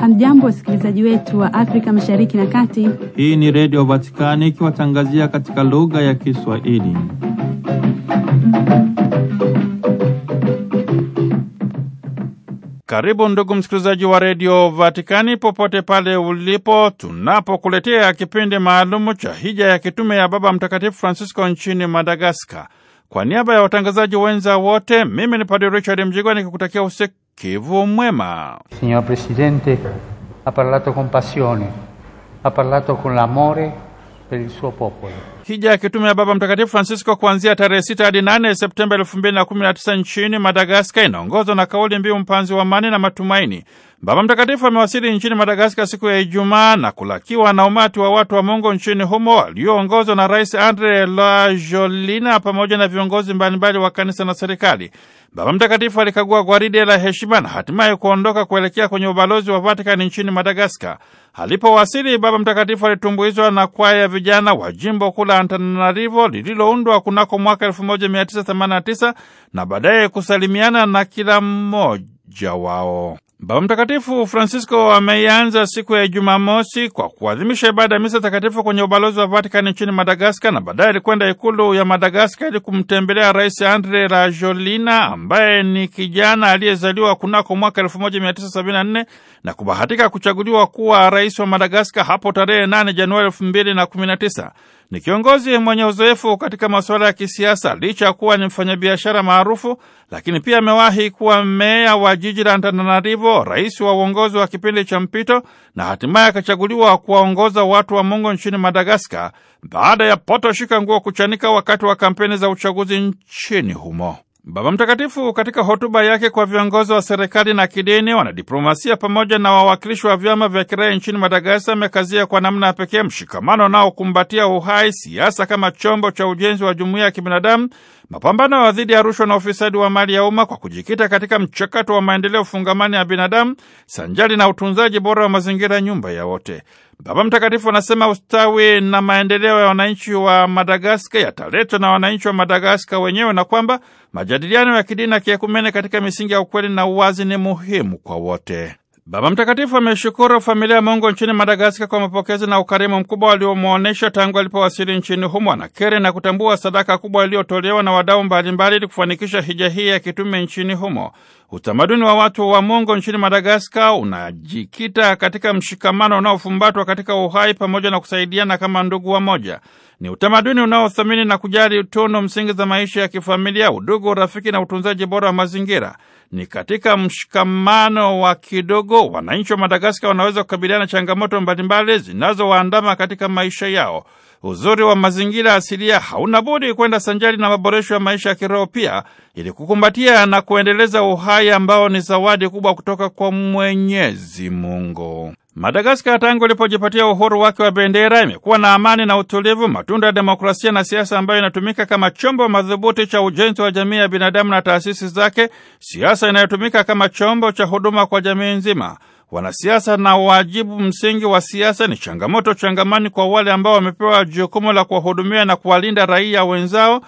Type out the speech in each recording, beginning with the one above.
Hamjambo, wasikilizaji wetu wa Afrika Mashariki na Kati. Hii ni Redio Vatikani ikiwatangazia katika lugha ya Kiswahili. Karibu ndugu msikilizaji wa redio Vatikani popote pale ulipo, tunapokuletea kipindi maalumu cha hija ya kitume ya Baba Mtakatifu Francisco nchini Madagaskar. Kwa niaba ya watangazaji wenza wote, mimi ni Padre Richard Mjigwa nikikutakia usikivu mwema. Signor Presidente ha parlato con passione ha parlato con l'amore per il suo popolo hija ya kitume ya Baba Mtakatifu Francisco kuanzia tarehe sita hadi nane Septemba elfu mbili na kumi na tisa nchini Madagaskar inaongozwa na kauli mbiu mpanzi wa amani na matumaini. Baba Mtakatifu amewasili nchini Madagaskar siku ya Ijumaa na kulakiwa na umati wa watu wa Mungu nchini humo walioongozwa na Rais Andre lajolina pamoja na viongozi mbalimbali wa kanisa na serikali. Baba Mtakatifu alikagua gwaride la heshima na hatimaye kuondoka kuelekea kwenye ubalozi wa Vatikani nchini Madagaskar. Alipowasili, Baba Mtakatifu alitumbuizwa na kwaya ya vijana wa jimbo kula Antananarivo lililoundwa kunako mwaka 1989 na baadaye kusalimiana na kila mmoja wao. Baba Mtakatifu Francisco ameianza siku ya Jumamosi kwa kuadhimisha ibada ya misa takatifu kwenye ubalozi wa Vatikani nchini Madagaskar na baadaye alikwenda ikulu ya Madagaskar ili kumtembelea Rais Andre rajolina ambaye ni kijana aliyezaliwa kunako mwaka 1974 na kubahatika kuchaguliwa kuwa rais wa Madagaskar hapo tarehe 8 Januari 2019. Ni kiongozi mwenye uzoefu katika masuala ya kisiasa, licha ya kuwa ni mfanyabiashara maarufu, lakini pia amewahi kuwa meya wa jiji la Antananarivo, rais wa uongozi wa kipindi cha mpito, na hatimaye akachaguliwa kuwaongoza watu wa Mungu nchini Madagaskar baada ya potoshika Nguo kuchanika wakati wa kampeni za uchaguzi nchini humo. Baba Mtakatifu katika hotuba yake kwa viongozi wa serikali na kidini, wanadiplomasia pamoja na wawakilishi wa vyama vya kiraia nchini Madagaskar amekazia kwa namna ya pekee mshikamano unaokumbatia uhai, siasa kama chombo cha ujenzi wa jumuiya ya kibinadamu, mapambano dhidi ya rushwa na ufisadi wa mali ya umma kwa kujikita katika mchakato wa maendeleo fungamani ya binadamu sanjari na utunzaji bora wa mazingira, nyumba ya wote. Baba Mtakatifu anasema ustawi na maendeleo ya wananchi wa Madagaska yataletwa na wananchi wa Madagaska wenyewe na kwamba majadiliano ya kidini na kiekumene katika misingi ya ukweli na uwazi ni muhimu kwa wote. Baba Mtakatifu ameshukuru familia ya Mungu nchini Madagaska kwa mapokezi na ukarimu mkubwa waliomwonesha tangu alipowasili nchini humo. Anakiri na kutambua sadaka kubwa iliyotolewa na wadau mbalimbali ili kufanikisha hija hii ya kitume nchini humo. Utamaduni wa watu wa Mungu nchini Madagaska unajikita katika mshikamano unaofumbatwa katika uhai pamoja na kusaidiana kama ndugu wamoja. Ni utamaduni unaothamini na kujali tunu msingi za maisha ya kifamilia, udugu, urafiki na utunzaji bora wa mazingira. Ni katika mshikamano wa kidogo wananchi wa Madagaskar wanaweza kukabiliana changamoto mbalimbali zinazowaandama katika maisha yao. Uzuri wa mazingira asilia hauna budi kwenda sanjari na maboresho ya maisha ya kiroho pia, ili kukumbatia na kuendeleza uhai ambao ni zawadi kubwa kutoka kwa Mwenyezi Mungu. Madagaskar tangu ilipojipatia uhuru wake wa bendera imekuwa na amani na utulivu, matunda ya demokrasia na siasa ambayo inatumika kama chombo madhubuti cha ujenzi wa jamii ya binadamu na taasisi zake, siasa inayotumika kama chombo cha huduma kwa jamii nzima. Wanasiasa na wajibu msingi wa siasa ni changamoto changamani kwa wale ambao wamepewa jukumu la kuwahudumia na kuwalinda raia wenzao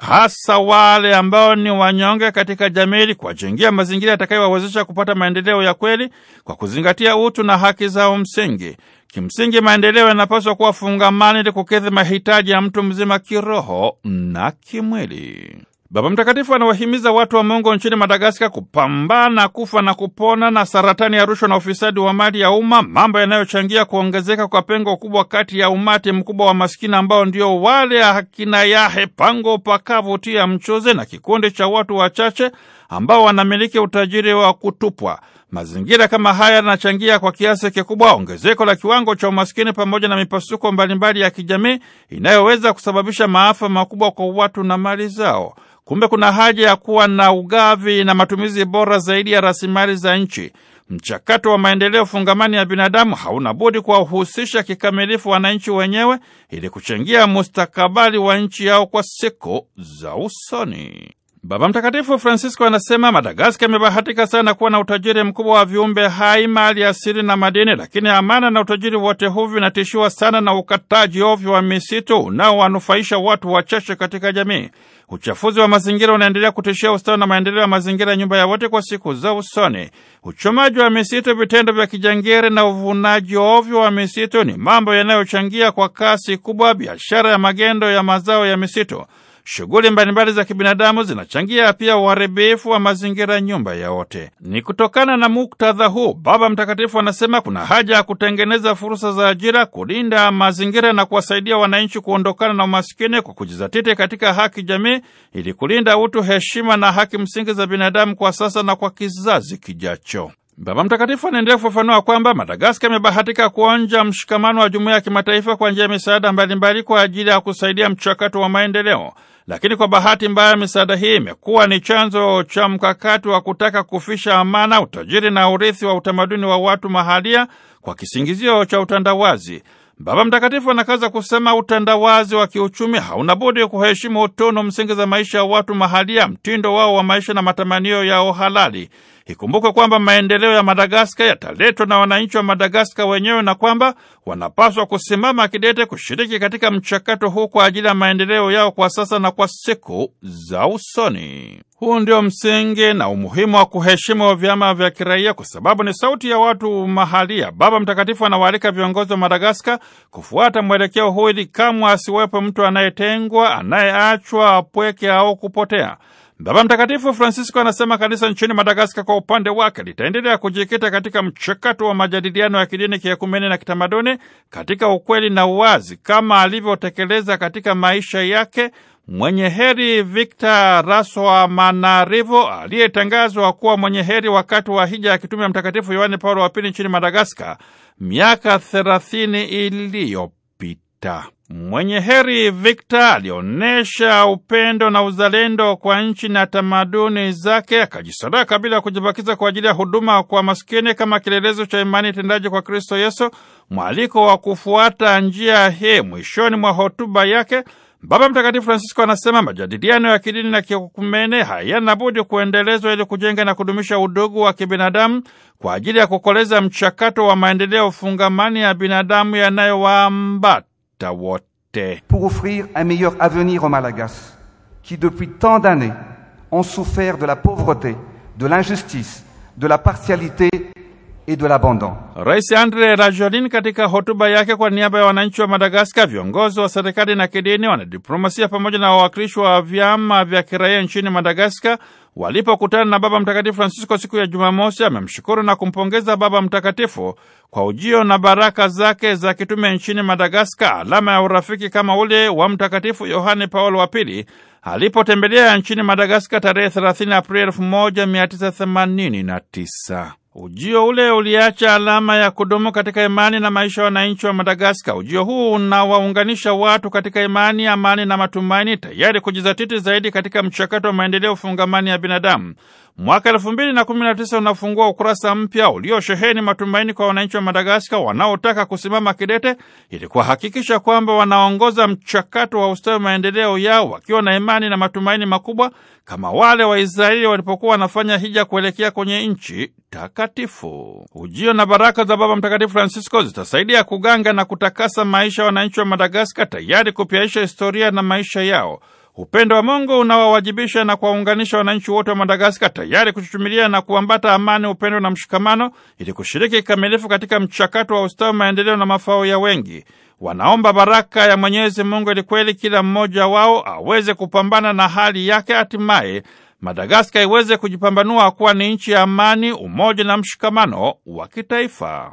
hasa wale ambao ni wanyonge katika jamii, kuwajengea mazingira yatakayowawezesha kupata maendeleo ya kweli kwa kuzingatia utu na haki zao msingi. Kimsingi, maendeleo yanapaswa kuwa fungamani ili kukidhi mahitaji ya mtu mzima kiroho na kimwili. Baba Mtakatifu anawahimiza watu wa Mungu nchini Madagaskar kupambana kufa na kupona na saratani ya rushwa na ufisadi wa mali ya umma, mambo yanayochangia kuongezeka kwa pengo kubwa kati ya umati mkubwa wa maskini ambao ndio wale akina Yahe Pango Pakavu Tia Mchuzi na kikundi cha watu wachache ambao wanamiliki utajiri wa kutupwa. Mazingira kama haya yanachangia kwa kiasi kikubwa ongezeko la kiwango cha umaskini pamoja na mipasuko mbalimbali ya kijamii inayoweza kusababisha maafa makubwa kwa watu na mali zao. Kumbe kuna haja ya kuwa na ugavi na matumizi bora zaidi ya rasilimali za nchi. Mchakato wa maendeleo fungamani ya binadamu hauna budi kuwahusisha kikamilifu wananchi wenyewe ili kuchangia mustakabali wa nchi yao kwa siku za usoni. Baba Mtakatifu Francisco anasema Madagaska imebahatika sana kuwa na utajiri mkubwa wa viumbe hai, mali asili na madini, lakini amana na utajiri wote huu vinatishiwa sana na ukataji ovyo wa misitu unaowanufaisha watu wachache katika jamii. Uchafuzi wa mazingira unaendelea kutishia ustawi na maendeleo ya mazingira ya nyumba ya wote kwa siku za usoni. Uchomaji wa misitu, vitendo vya kijangiri na uvunaji ovyo wa misitu ni mambo yanayochangia kwa kasi kubwa biashara ya magendo ya mazao ya misitu. Shughuli mbalimbali za kibinadamu zinachangia pia uharibifu wa mazingira, nyumba ya Ni kutokana na muktadha huu, Baba Mtakatifu anasema kuna haja ya kutengeneza fursa za ajira, kulinda mazingira na kuwasaidia wananchi kuondokana na umasikini kwa kujizatiti katika haki jamii, ili kulinda utu, heshima na haki msingi za binadamu kwa sasa na kwa kizazi kijacho. Baba Mtakatifu anaendelea kufafanua kwamba Madagaska imebahatika kuonja mshikamano wa jumuiya ya kimataifa kwa njia ya misaada mbalimbali kwa ajili ya kusaidia mchakato wa maendeleo. Lakini kwa bahati mbaya, misaada hii imekuwa ni chanzo cha mkakati wa kutaka kufisha amana, utajiri na urithi wa utamaduni wa watu mahalia kwa kisingizio cha utandawazi. Baba Mtakatifu anakaza kusema utandawazi wa kiuchumi hauna budi kuheshimu utono msingi za maisha ya watu mahalia, mtindo wao wa maisha na matamanio yao halali. ikumbuke kwamba maendeleo ya Madagaska yataletwa na wananchi wa Madagaska wenyewe na kwamba wanapaswa kusimama kidete kushiriki katika mchakato huu kwa ajili ya maendeleo yao kwa sasa na kwa siku za usoni. Huu ndio msingi na umuhimu wa kuheshimu vyama vya kiraia kwa sababu ni sauti ya watu mahalia. Baba Mtakatifu anawaalika viongozi wa Madagaskar kufuata mwelekeo huu ili kamwe asiwepo mtu anayetengwa, anayeachwa, apweke au kupotea. Baba Mtakatifu Francisco anasema kanisa nchini Madagaskar kwa upande wake litaendelea kujikita katika mchakato wa majadiliano ya kidini, kiekumene na kitamaduni katika ukweli na uwazi kama alivyotekeleza katika maisha yake mwenye heri Victor manarivo aliyetangazwa kuwa mwenye heri wakati wa hija ya kitume ya Mtakatifu Yohane Paulo wa Pili nchini Madagaskar miaka 30 iliyopita. Mwenye heri Victor alionyesha upendo na uzalendo kwa nchi na tamaduni zake, akajisadaka bila kujibakiza kwa ajili ya huduma kwa maskini kama kielelezo cha imani tendaji kwa Kristo Yesu. Mwaliko wa kufuata njia hii, mwishoni mwa hotuba yake Baba Mtakatifu Francisco anasema majadiliano ya kidini na kiekumene hayana budi kuendelezwa ili kujenga na kudumisha udugu wa kibinadamu kwa ajili ya kukoleza mchakato wa maendeleo fungamani ya binadamu yanayowaambata. Pour offrir un meilleur avenir au Madagascar, qui depuis tant d'années ont souffert de la pauvreté, de l'injustice, de la partialité et de l'abandon. Walipokutana na Baba Mtakatifu Francisco siku ya Jumamosi, amemshukuru na kumpongeza Baba Mtakatifu kwa ujio na baraka zake za kitume nchini Madagaskar, alama ya urafiki kama ule wa Mtakatifu Yohane Paulo wa Pili alipotembelea nchini Madagaskar tarehe 30 Aprili 1989. Ujio ule uliacha alama ya kudumu katika imani na maisha ya wananchi wa Madagaskar. Ujio huu unawaunganisha watu katika imani, amani na matumaini, tayari kujizatiti zaidi katika mchakato wa maendeleo fungamani ya binadamu. Mwaka elfu mbili na kumi na tisa unafungua ukurasa mpya uliosheheni matumaini kwa wananchi wa Madagaska wanaotaka kusimama kidete ili kuhakikisha kwamba wanaongoza mchakato wa ustawi maendeleo yao wakiwa na imani na matumaini makubwa kama wale Waisraeli walipokuwa wanafanya hija kuelekea kwenye nchi takatifu. Ujio na baraka za Baba Mtakatifu Francisco zitasaidia kuganga na kutakasa maisha ya wananchi wa Madagaska, tayari kupyaisha historia na maisha yao. Upendo wa Mungu unawawajibisha na kuwaunganisha wananchi wote wa Madagaska tayari kuchuchumilia na kuambata amani, upendo na mshikamano ili kushiriki kikamilifu katika mchakato wa ustawi, maendeleo na mafao ya wengi. Wanaomba baraka ya Mwenyezi Mungu ili kweli kila mmoja wao aweze kupambana na hali yake, hatimaye Madagaska iweze kujipambanua kuwa ni nchi ya amani, umoja na mshikamano wa kitaifa.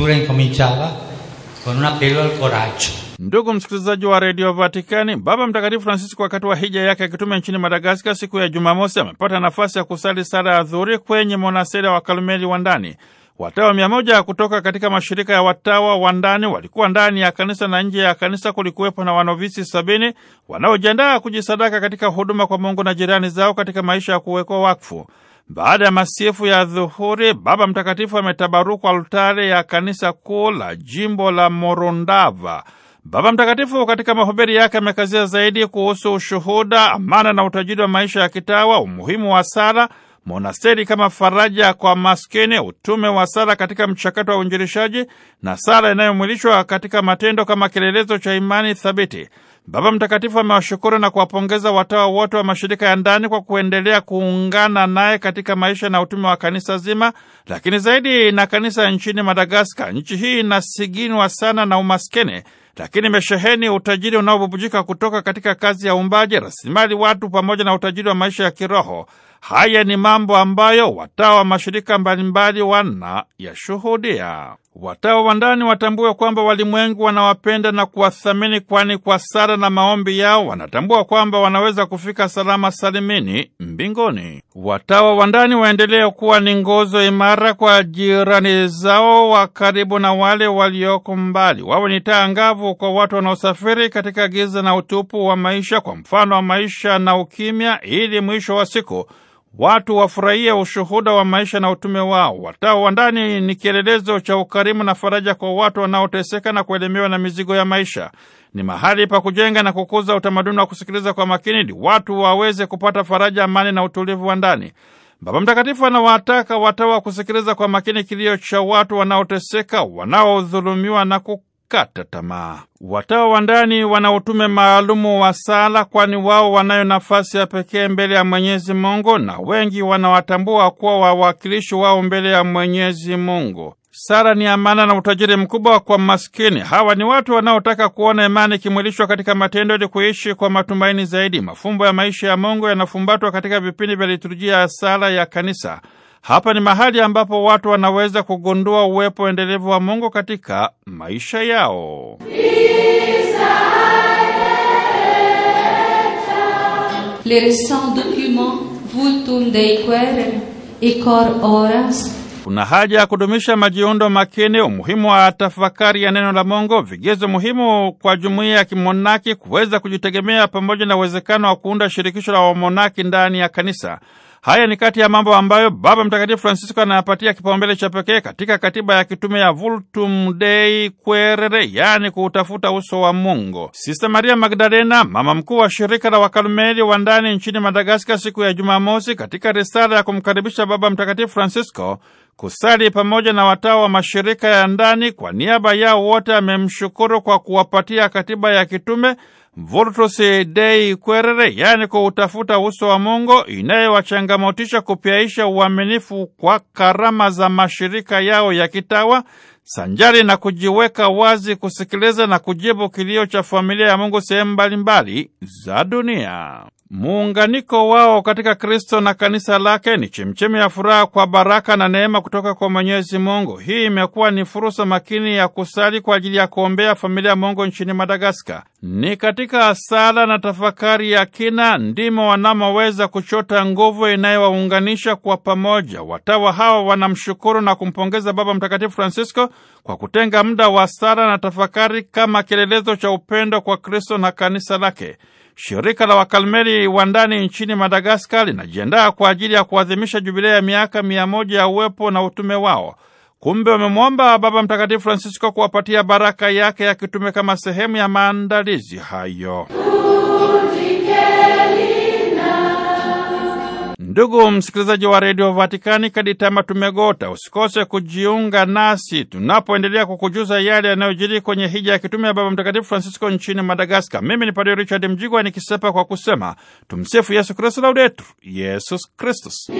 scrittura incominciava con un appello al coraggio. Ndugu msikilizaji wa redio Vatikani, Baba Mtakatifu Francisco wakati wa hija yake akitume nchini Madagaskar siku ya Jumamosi amepata nafasi ya kusali sala ya dhuhuri kwenye monasteri wa Kalumeli wa ndani. Watawa mia moja kutoka katika mashirika ya watawa wa ndani walikuwa ndani ya kanisa na nje ya kanisa. Kulikuwepo na wanovisi sabini wanaojiandaa kujisadaka katika huduma kwa Mungu na jirani zao katika maisha ya kuwekwa wakfu. Baada ya masifu ya dhuhuri, Baba Mtakatifu ametabaruku altare ya kanisa kuu la jimbo la Morondava. Baba Mtakatifu katika mahubiri yake amekazia zaidi kuhusu ushuhuda, amana na utajiri wa maisha ya kitawa, umuhimu wa sala, monasteri kama faraja kwa maskini, utume wa sala katika mchakato wa uinjilishaji na sala inayomwilishwa katika matendo kama kielelezo cha imani thabiti. Baba Mtakatifu amewashukuru na kuwapongeza watawa wote wa mashirika ya ndani kwa kuendelea kuungana naye katika maisha na utume wa kanisa zima, lakini zaidi na kanisa nchini Madagaskar. Nchi hii inasiginwa sana na umaskini, lakini imesheheni utajiri unaobubujika kutoka katika kazi ya uumbaji, rasilimali watu pamoja na utajiri wa maisha ya kiroho. Haya ni mambo ambayo watawa wa mashirika mbalimbali wanayashuhudia. Watawa wa ndani watambue kwamba walimwengu wanawapenda na kuwathamini, kwani kwa sala na maombi yao wanatambua kwamba wanaweza kufika salama salimini mbinguni. Watawa wa ndani waendelee kuwa ni ngozo imara kwa jirani zao wa karibu na wale walioko mbali, wawe ni taa angavu kwa watu wanaosafiri katika giza na utupu wa maisha, kwa mfano wa maisha na ukimya, ili mwisho wa siku watu wafurahia ushuhuda wa maisha na utume wao. Watao wa ndani ni kielelezo cha ukarimu na faraja kwa watu wanaoteseka na kuelemewa na mizigo ya maisha. Ni mahali pa kujenga na kukuza utamaduni wa kusikiliza kwa makini, ili watu waweze kupata faraja, amani na utulivu wa ndani. Baba Mtakatifu anawataka watawa kusikiliza kwa makini kilio cha watu wanaoteseka, wanaodhulumiwa na ku kukata tamaa. Watawa wa ndani wana utume maalumu wa sala, kwani wao wanayo nafasi ya pekee mbele ya Mwenyezi Mungu, na wengi wanawatambua kuwa wawakilishi wao mbele ya Mwenyezi Mungu. Sala ni amana na utajiri mkubwa kwa maskini. Hawa ni watu wanaotaka kuona imani ikimwilishwa katika matendo ili kuishi kwa matumaini zaidi. Mafumbo ya maisha ya Mungu yanafumbatwa katika vipindi vya liturujia ya sala ya kanisa. Hapa ni mahali ambapo watu wanaweza kugundua uwepo endelevu wa Mungu katika maisha yao. Kuna haja ya kudumisha majiundo makini, umuhimu wa tafakari ya neno la Mungu, vigezo muhimu kwa jumuiya ya kimonaki kuweza kujitegemea, pamoja na uwezekano wa kuunda shirikisho la wamonaki ndani ya kanisa. Haya ni kati ya mambo ambayo Baba Mtakatifu Francisco anayapatia kipaumbele cha pekee katika katiba ya kitume ya Vultum Dei Querere, yaani kuutafuta uso wa Mungu. Sista Maria Magdalena, mama mkuu wa shirika la Wakarmeli wa ndani nchini Madagaskar, siku ya Jumamosi, katika risala ya kumkaribisha Baba Mtakatifu Francisco kusali pamoja na watawa wa mashirika ya ndani, kwa niaba yao wote amemshukuru kwa kuwapatia katiba ya kitume Vultus Dei Kwerere, yaani kuutafuta uso wa Mungu, inayowachangamotisha kupyaisha uaminifu kwa karama za mashirika yao ya kitawa sanjari na kujiweka wazi kusikiliza na kujibu kilio cha familia ya Mungu sehemu mbalimbali za dunia. Muunganiko wao katika Kristo na kanisa lake ni chemchemi ya furaha kwa baraka na neema kutoka kwa Mwenyezi Mungu. Hii imekuwa ni fursa makini ya kusali kwa ajili ya kuombea familia Mungu nchini Madagaskar. Ni katika sala na tafakari ya kina ndimo wanamoweza kuchota nguvu inayowaunganisha kwa pamoja. Watawa hawa wanamshukuru na kumpongeza Baba Mtakatifu Francisco kwa kutenga muda wa sala na tafakari kama kielelezo cha upendo kwa Kristo na kanisa lake. Shirika la Wakalmeli wa ndani nchini Madagaskar linajiandaa kwa ajili ya kuadhimisha jubilei ya miaka mia moja ya uwepo na utume wao. Kumbe wamemwomba Baba Mtakatifu Francisco kuwapatia baraka yake ya kitume kama sehemu ya maandalizi hayo. Ndugu msikilizaji wa redio Vatikani, kadi tama tumegota, usikose kujiunga nasi tunapoendelea kukujuza yale yanayojiri kwenye hija ya kitume ya Baba Mtakatifu Francisco nchini Madagaskar. Mimi ni Padre Richard Mjigwa nikisepa kwa kusema tumsifu Yesu Kristu, laudetur Yesus Kristus.